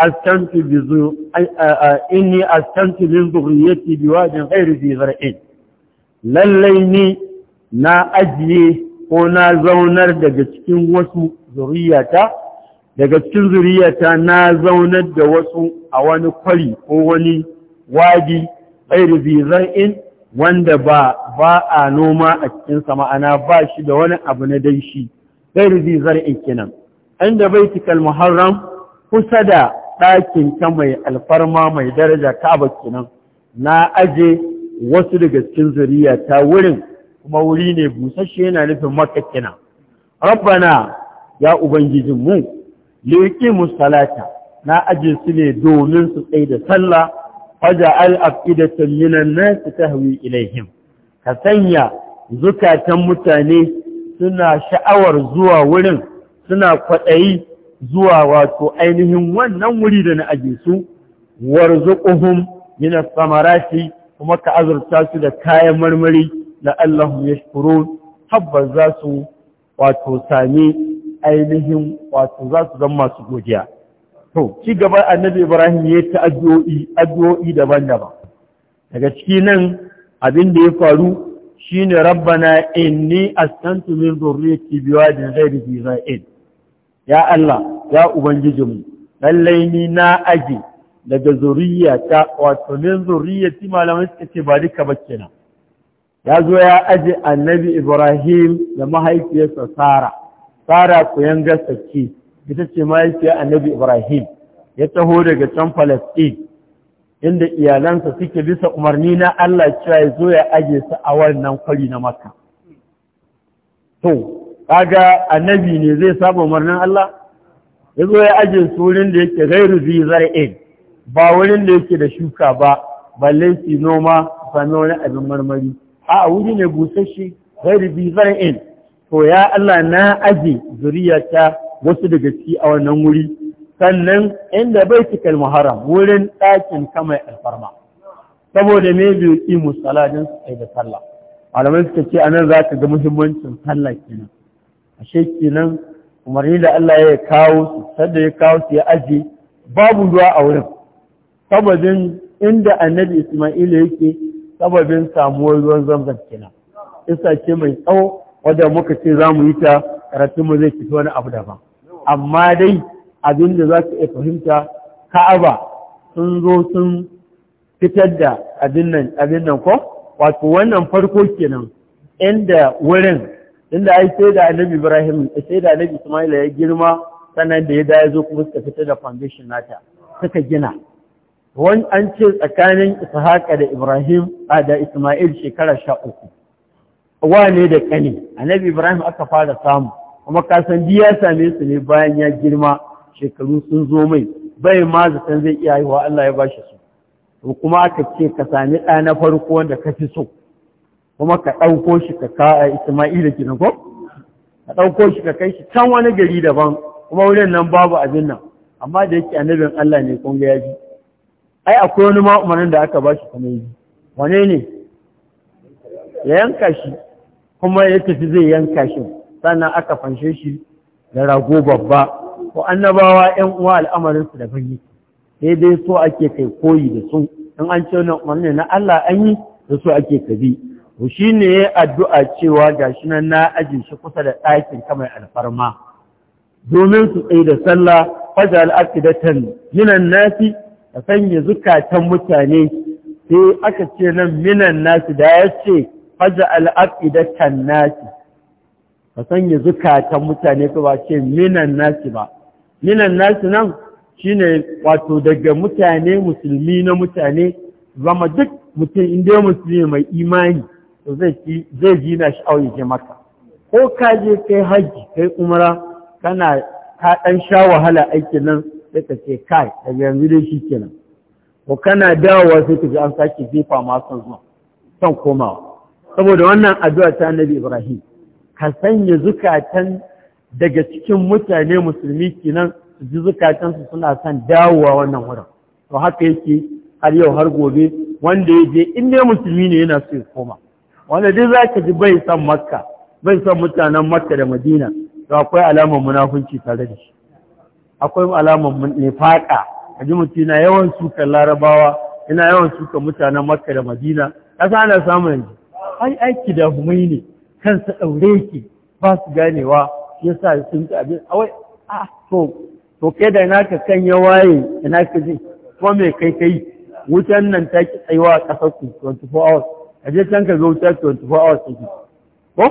Ini bizu inni astantu min zuriyati fi zar'in lallai ni na ajiye ko na zaunar daga cikin wasu zuriyata daga cikin zuriyata na zaunar da wasu a wani kwari ko wani wadi ghairi fi zar'in wanda ba ba a noma a cikin ma'ana ba shi da wani abu na danshi ghairi fi zar'in kenan inda baitikal muharram kusa da ɗakin ta mai alfarma mai daraja ka'aba kenan na aje wasu daga cikin zuriya ta wurin kuma wuri ne busasshe yana nufin maka kenan rabbana ya ubangijin mu liqi musallata na aje su ne domin su tsaye da sallah faja'al afidatan minan nas tahwi ilaihim ka sanya zukatan mutane suna sha'awar zuwa wurin suna kwaɗayi zuwa wato ainihin wannan wuri da na aje su warzuquhum min as-samarati kuma ka azurta su da kayan marmari Allahu yashkurun tabbas za su wato sami ainihin wato za su zama masu godiya to ci gaba annabi Ibrahim ya ta addu'o'i addu'o'i daban-daban daga ciki nan abin da ya faru shine rabbana inni astantu min dhurriyyati biwadin ghayri dhi ya Allah ya ubangijinmu lallai ni na aji daga ta. wato ne zuriya ti malamai suka ce ba duka ba kenan ya zo ya aji annabi ibrahim da mahaifiyarsa sara sara ku yanga sake ita ce mahaifiyar annabi ibrahim ya taho daga can falasɗin inda iyalansa suke bisa umarni na allah cewa ya zo ya aje su a wannan kwari na makka to kaga annabi ne zai saba umarnin allah ya zo ya ajiye su wurin da yake gairu zai ba wurin da yake da shuka ba balle su noma sami wani abin marmari a wuri ne busasshe gairu zai in. to ya Allah na aje ta wasu daga ciki a wannan wuri sannan inda bai cika muharram wurin ɗakin kamar alfarma saboda me biyu yi musala don su da sallah malamai suka ce anan za ka ga muhimmancin sallah kenan ashe kenan umarni da Allah ya kawo su sadda ya kawo su ya aji, babu ruwa a wurin sababin inda annabi Isma'ila yake sababin samuwar ruwan zamzam kenan isa ce mai tsawo wadda muka ce za mu yi ta karatun mu zai fito wani abu daban amma dai abin da za ka iya fahimta ka'aba sun zo sun fitar da abin nan ko wato wannan farko kenan inda wurin inda ai sai da annabi ibrahim sai da annabi ismaila ya girma sannan da ya da ya zo kuma suka fitar da foundation nata suka gina wani an ce tsakanin ishaqa da ibrahim a da ismail shekara 13 uku wane da kani annabi ibrahim aka fara samu kuma ka kasan ya same su ne bayan ya girma shekaru sun zo mai bai ma zaton zai iya haihuwa allah ya bashi su to kuma aka ce ka sami ɗa na farko wanda ka fi so kuma ka ɗauko shi ka ka Isma'ila kenan ko ka ɗauko shi ka kai shi can wani gari daban kuma wurin nan babu abin nan amma da yake annabin Allah ne kun ga yaji ai akwai wani ma umarnin da aka ba shi kuma yi wane ne ya yanka shi kuma ya tafi zai yanka shi sannan aka fanshe shi da rago babba ko annabawa ƴan uwa al'amarin su da fage sai dai so ake kai koyi da su in an ce wannan umarni na Allah an yi da su ake kabi shi ne ya addu'a cewa shi nan na ajin shi kusa da ɗakin kamar alfarma domin su tsaye da sallah fajal afidatan minan nasi ka sanya zukatan mutane sai aka ce nan minan nasi da ya ce fajal afidatan nasi ka sanya zukatan mutane ka ba ce minan nasi ba minan nasi nan shine wato daga mutane musulmi na mutane zama duk mutum inda musulmi mai imani zai ji na auye je maka ko ka je kai haji kai umara kana ka ɗan sha wahala aiki nan sai ka ce kai daga yanzu dai shi kenan ko kana dawowa sai ka ji an sake jefa ma son zuwa son komawa saboda wannan addu'a ta Annabi Ibrahim ka sanya zukatan daga cikin mutane musulmi kenan su ji zukatansu suna son dawowa wannan wurin to haka yake har yau har gobe wanda ya je in ne musulmi ne yana so ya koma wanda duk za ka ji bai san makka bai san mutanen makka da madina to akwai alamar munafunci tare da shi akwai alamar nifaka a ji mutum na yawan sukan larabawa ina yawan sukan mutanen makka da madina Kasa ana samun yanzu ai aiki da humai ne kansa ɗaure ki ba su ganewa ya sa sun ci abin Ah to to kai da ina kan ya waye ina ka ji ko me kai kai wutan nan ta ki tsayuwa a ƙasar ku, 24 hours a je can ka zo wutar 24 hours ɗin ko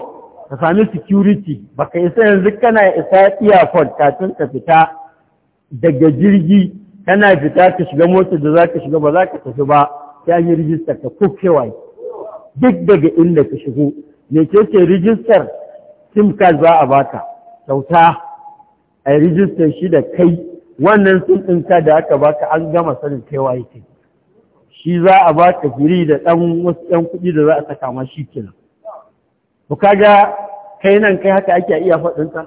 ka sami security baka isa yanzu kana isa airport kafin ka fita daga jirgi kana fita ka shiga motar da za ka shiga ba za ka tafi ba ta yi rijistar ka ko kewaye duk daga inda ka shigo me ke ce rijistar sim card za a baka kyauta a rijistar shi da kai wannan sim ɗinka da aka baka an gama sanin kewaye kai shi za a ba ka firi da ɗan wasu ɗan kuɗi da za a saka ma shi kenan ka ga kai nan kai haka ake iya faɗin ka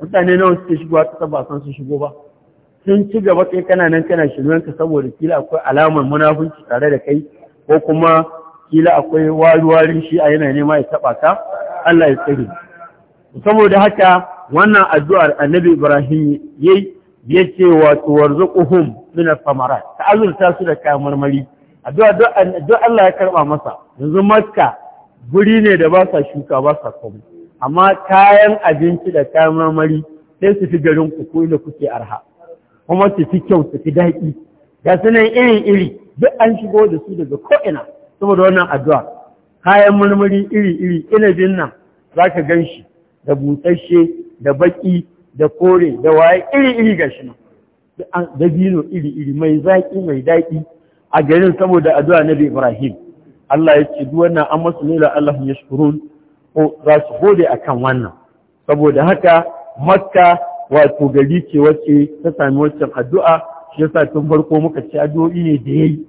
mutane nawa suke shigo ta ba san su shigo ba sun ci gaba kai kana nan kana shirin ka saboda kila akwai alamar munafunci tare da kai ko kuma kila akwai waruwarin shi a yana nema ya taɓa ka Allah ya tsare saboda haka wannan addu'ar annabi Ibrahim yayi yace wato warzuquhum min al-thamarat ta azurta su da kayan marmari addu'a duk Allah ya karɓa masa yanzu maska guri ne da ba sa shuka ba sa amma kayan abinci da kayan marmari sai su fi garin ku ko kuke arha kuma su fi kyau su fi daɗi ga sunan irin iri duk an shigo da su daga ko'ina saboda wannan addu'a kayan marmari iri iri inabin nan za ka gan shi da busasshe da baƙi da kore da waye iri iri ga shi nan da bino iri iri mai zaƙi mai daɗi a garin saboda addu'a Nabi Ibrahim Allah ya ce duwannan an masu ne la Allah shukurun ko za su gode akan wannan saboda haka Makka wato gari ce wacce ta sami waccan addu'a shi yasa tun farko muka ci addu'o'i ne da yayi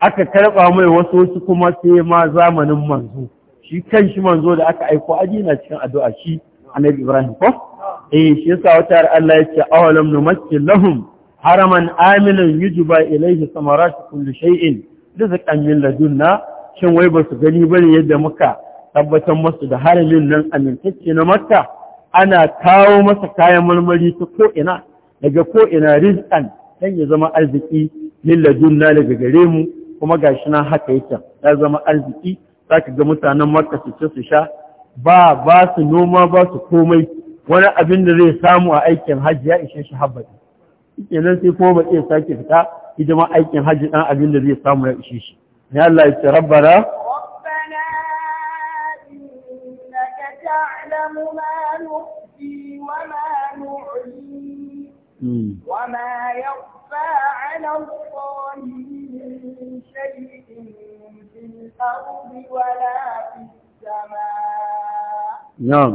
aka karba mai wasu wasu kuma sai ma zamanin manzo shi kan shi manzo da aka aiko aji na cikin addu'a shi annabi Ibrahim ko eh shi yasa wata Allah ya ce awalam numakkil lahum haraman aminan ba ilaihi samaratu kulli shay'in rizqan min ladunna shin wai basu gani bane yadda muka tabbatar masu da haramin nan amintacce na Makka ana kawo masa kayan marmari ta ko ina daga ko ina rizqan dan ya zama arziki min ladunna daga gare mu kuma gashi nan haka yake ya zama arziki zaka ga mutanen Makka su su sha ba ba su noma ba su komai wani abin da zai samu a aikin hajji ya ishe shi habbati kenan sai kuma baƙi ya sake fita hidima aikin hajji ɗan abin da zai samu ya ishe shi ne Allah ya ce rabbana وما يخفى على الله من شيء في الأرض ولا في السماء نعم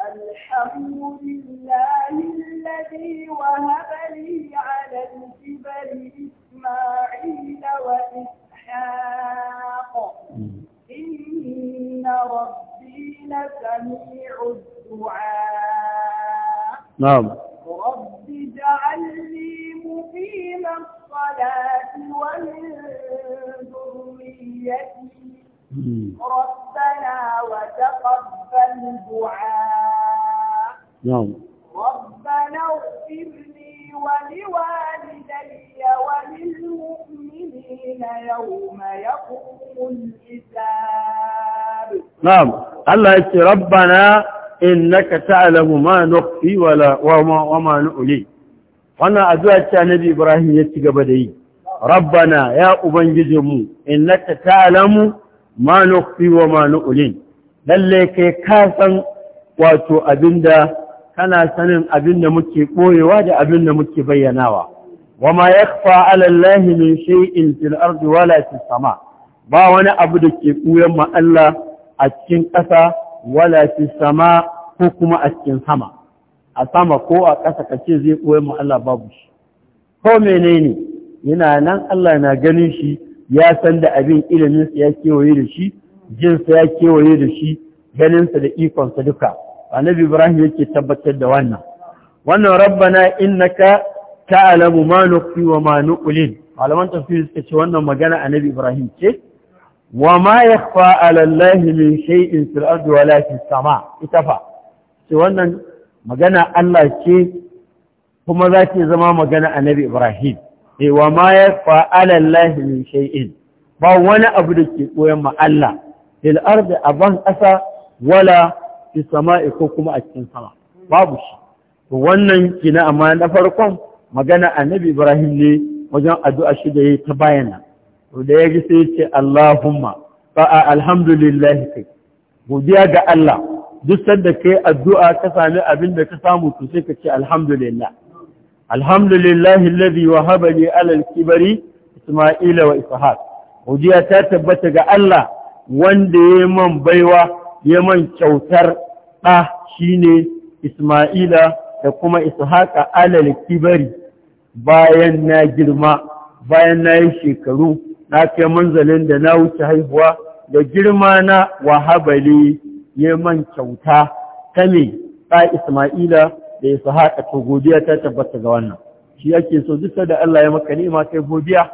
الحمد لله الذي وهب لي على الكبر إسماعيل وإسحاق إن ربي لسميع الدعاء نعم رب اجعلني مقيم الصلاة ومن ذريتي ربنا وتقبل دعاء نعم ربنا اغفر لي ولوالدي وللمؤمنين يوم يقوم الحساب نعم الله يقول ربنا إنك تعلم ما نخفي ولا وما, وما نؤلي وانا أدوات نبي إبراهيم يتقى يتقبدي ربنا يا أبن جزمو إنك تعلم ما نخفي وما نؤلي للي كي كاسا واتو دا kana sanin abin da muke ɓoyewa da abin da muke bayyanawa wama yakfa ala Allah min shay'in fil ardi wala fis sama ba wani abu da ke ɓuyan ma Allah a cikin ƙasa wala fis sama ko kuma a cikin sama a sama ko a ƙasa kace zai ɓoyan ma Allah babu shi ko menene yana nan Allah na ganin shi ya san da abin iliminsa ya kewaye da shi jinsa ya kewaye da shi ganinsa da ikonsa duka annabi ibrahim yake tabbatar da wannan wannan rabbana innaka ta'lamu ma nukhfi wa ma nuqlin malaman tafsir suka ce wannan magana annabi ibrahim ce wa ma yakhfa 'ala allahi min shay'in fil ardi wa la fis sama ita fa ce wannan magana Allah ce kuma za ta zama magana annabi ibrahim eh wa ma yakhfa 'ala allahi min shay'in ba wani abu da ke koyan ma Allah fil ardi aban ƙasa wala fi sama'i ko kuma a cikin sama babu shi to wannan kina amma na farkon magana annabi Ibrahim ne wajen addu'a shi da ta bayana to da yaji sai ce Allahumma fa alhamdulillah kai godiya ga Allah duk sanda kai addu'a ka sami abin da ka samu to sai ka ce alhamdulillah alhamdulillah alladhi wahaba li ala al-kibari Isma'ila wa Ishaq godiya ta tabbata ga Allah wanda ya man baiwa ya man kyautar ɗa ne Isma'ila da kuma Ishaqa alal kibari bayan na girma bayan na yi shekaru na kai manzalin da na wuce haihuwa da girma na wahabali ya kyauta ta me ɗa Isma'ila da Ishaqa to godiya ta tabbata ga wannan shi yake so duk da Allah ya maka ni'ima kai godiya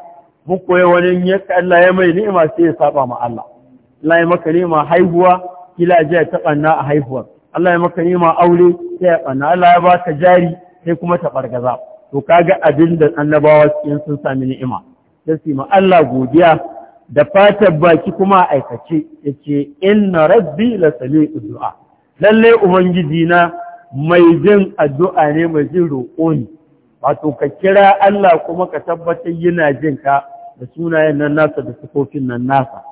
mun koyi wani yadda Allah ya mai ni'ima sai ya saba ma Allah Allah ya maka ni'ima haihuwa kila jiya ta ɓanna a haihuwar Allah ya maka nima aure sai ya ɓanna Allah ya baka jari sai kuma ta ɓargaza to kaga abin da annabawa cikin sun sami ni'ima sai su ma Allah godiya da fatar baki kuma aikace yace inna rabbi la sami'u du'a lalle ubangiji na mai jin addu'a ne mai jin roƙo ne wato ka kira Allah kuma ka tabbatar yana jin ka da sunayen nan nasa da sifofin nan nasa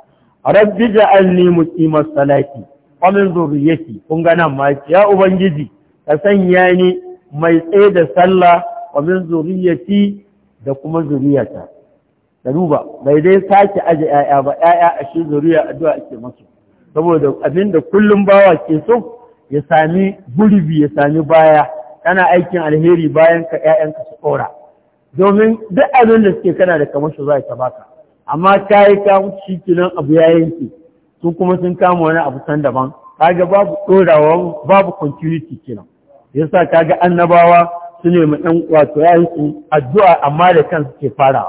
rabbi ja'alni muqimas salati wa min zurriyyati kun ga nan ma ya ubangiji ka sanya ni mai tsaye da sallah wa min da kuma zuriyata da duba bai dai sake aje 'ya'ya ba 'ya'ya a shi zuriya addu'a ake masu saboda abinda kullum bawa ke so ya sami gurbi ya sami baya kana aikin alheri bayan ka 'ya'yanka su tsora domin duk abin da suke kana da kamar shi za ta baka amma ka yi ka mutu shi abu ya yanke su kuma sun kama wani abu san daban kaga babu dorawa babu continuity kenan yasa kaga annabawa su ne mu ɗan wato yayin addu'a amma da kansu ke fara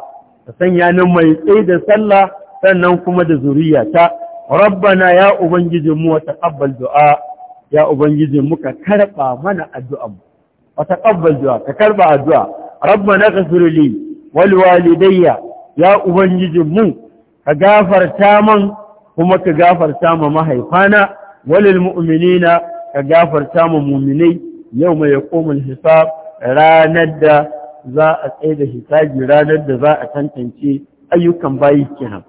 ka sanya nan mai tsaye da sallah sannan kuma da zuriya ta rabbana ya ubangijin mu wa taqabbal du'a ya ubangijin mu ka karba mana addu'a mu wa taqabbal du'a ka karba addu'a rabbana ghfir li wal walidayya ya ubangijin mu ka gafarta man kuma ka gafarta ma mahaifana walil mu'minina ka gafarta ma mu'minai yau mai komin hisab ranar da za a tsaye da hisabi ranar da za a tantance ayyukan bayi kenan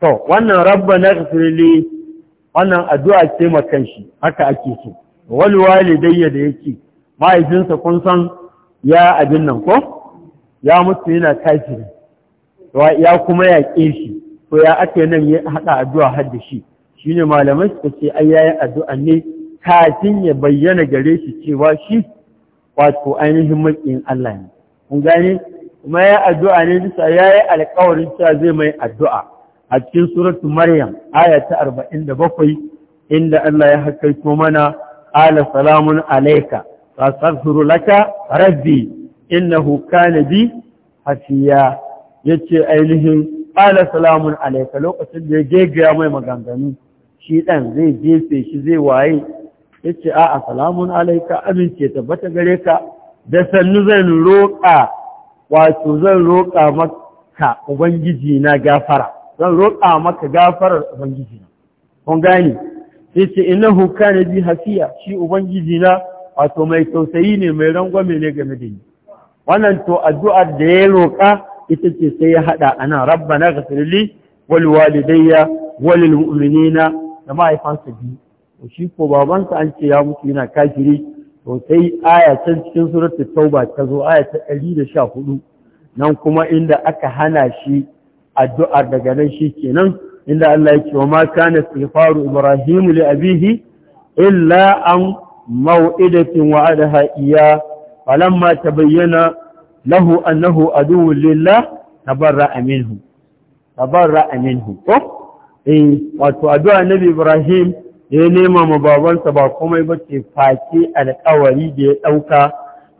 to wannan rabbana ghfirli wannan addu'a ce makan shi haka ake so wal walidayya da yake mahaifinsa kun san ya abin nan ko ya mutu yana kafiri ya kuma yaƙe shi ko ya ake nan ya haɗa addu'a har da shi shi ne malamai suka ce ai addu'a ne kafin ya bayyana gare shi cewa shi wato ainihin mulkin Allah ne kun gane kuma ya addu'a ne bisa yayi alƙawarin cewa zai mai addu'a a cikin suratul maryam aya ta arba'in da bakwai, inda Allah ya hakaito mana ala salamun alayka fastaghfiru laka rabbi innahu kana bi hafiya yace ainihin ƙala salamun alaika lokacin da ya gegaya mai maganganu shi ɗan zai jefe shi zai waye ya ce a'a salamun alaika amince tabbata gare ka da sannu zan roƙa wato zan roƙa maka ubangiji na gafara zan roƙa maka gafarar ubangiji na kun gane sai ce innahu kana bi hafiya shi ubangiji na wato mai tausayi ne mai rangwame ne game da ni wannan to addu'ar da ya roƙa ita ce sai ya haɗa a nan rabbana ghafirli wal walidayya walil mu'minina da mahaifansa biyu to shi ko babansa an ce ya mutu yana kafiri to sai aya ta cikin suratul tauba ta zo aya ta hudu. nan kuma inda aka hana shi addu'ar daga nan shi kenan inda Allah ya ce wa ma kana istighfaru ibrahim li abihi illa an maw'idatin wa'adaha iya falamma tabayyana lahu annahu aduwwu lillah tabarra minhu eh, wato adu'a nabi ibrahim ya nema ma babansa ba komai ba ce face alƙawari da ya ɗauka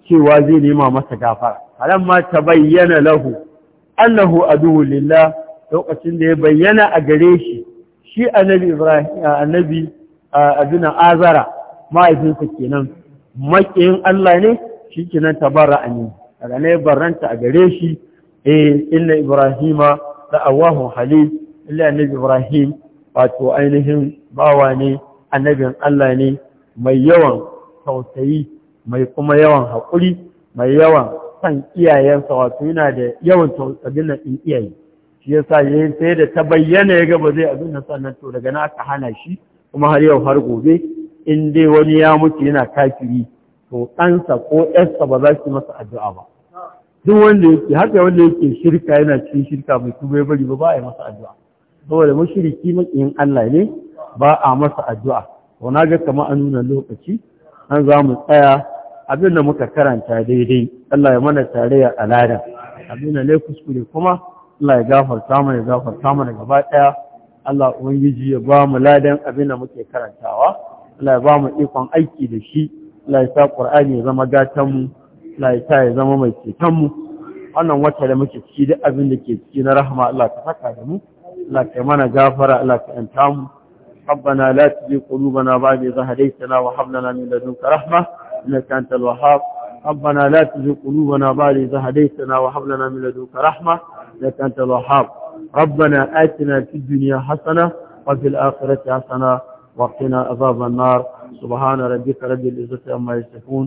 cewa zai nema masa gafara falamma tabayyana lahu annahu aduwwu lillah lokacin da ya bayyana a gare shi shi annabi aduna azara ma'aikinsa kenan makiyin Allah ne shi kenan tabara amin daga ne baranta a gare shi eh inna ibrahima la awahu halil illa annabi ibrahim wato ainihin bawa ne annabin Allah ne mai yawan tausayi mai kuma yawan haƙuri mai yawan san iyayensa wato yana da yawan tausayin in iyaye shi yasa yayin sai da ta bayyana ya ga ba zai abin nan sannan to daga na aka hana shi kuma har yau har gobe in dai wani ya mutu yana kafiri to ɗansa ko ƴarsa ba za su masa addu'a ba duk wanda yake haka wanda yake shirka yana cikin shirka mai tuba bari ba ba a yi masa addu'a saboda mashiriki makiyin Allah ne ba a masa addu'a to na ga kamar an nuna lokaci an za mu tsaya abin da muka karanta daidai Allah ya mana tare tarayya alada abin da ne kuskure kuma Allah ya gafarta mana ya gafarta mana gaba daya Allah ubangiji ya ba mu ladan abin da muke karantawa Allah ya ba mu ikon aiki da shi Allah ya sa Qur'ani ya zama gatan mu Allah ya sa ya zama mai ceton mu wannan wata da muke ciki duk abin da ke ciki na rahama Allah ka saka da mu Allah ka mana gafara Allah ka yanta mu ربنا لا تزغ قلوبنا بعد إذ هديتنا وهب لنا من لدنك رحمة إنك أنت الوهاب ربنا لا تزغ قلوبنا بعد إذ هديتنا وهب لنا من لدنك رحمة إنك أنت الوهاب ربنا آتنا في الدنيا حسنة وفي الآخرة حسنة وقنا عذاب النار سبحان ربك رب العزة عما يصفون